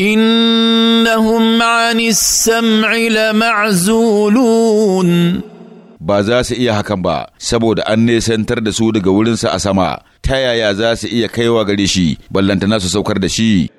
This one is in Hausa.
إنهم عن السمع لمعزولون ba za su iya hakan ba saboda an nesantar da su daga wurinsa a sama ta yaya za su iya kaiwa gare shi ballantana su saukar da shi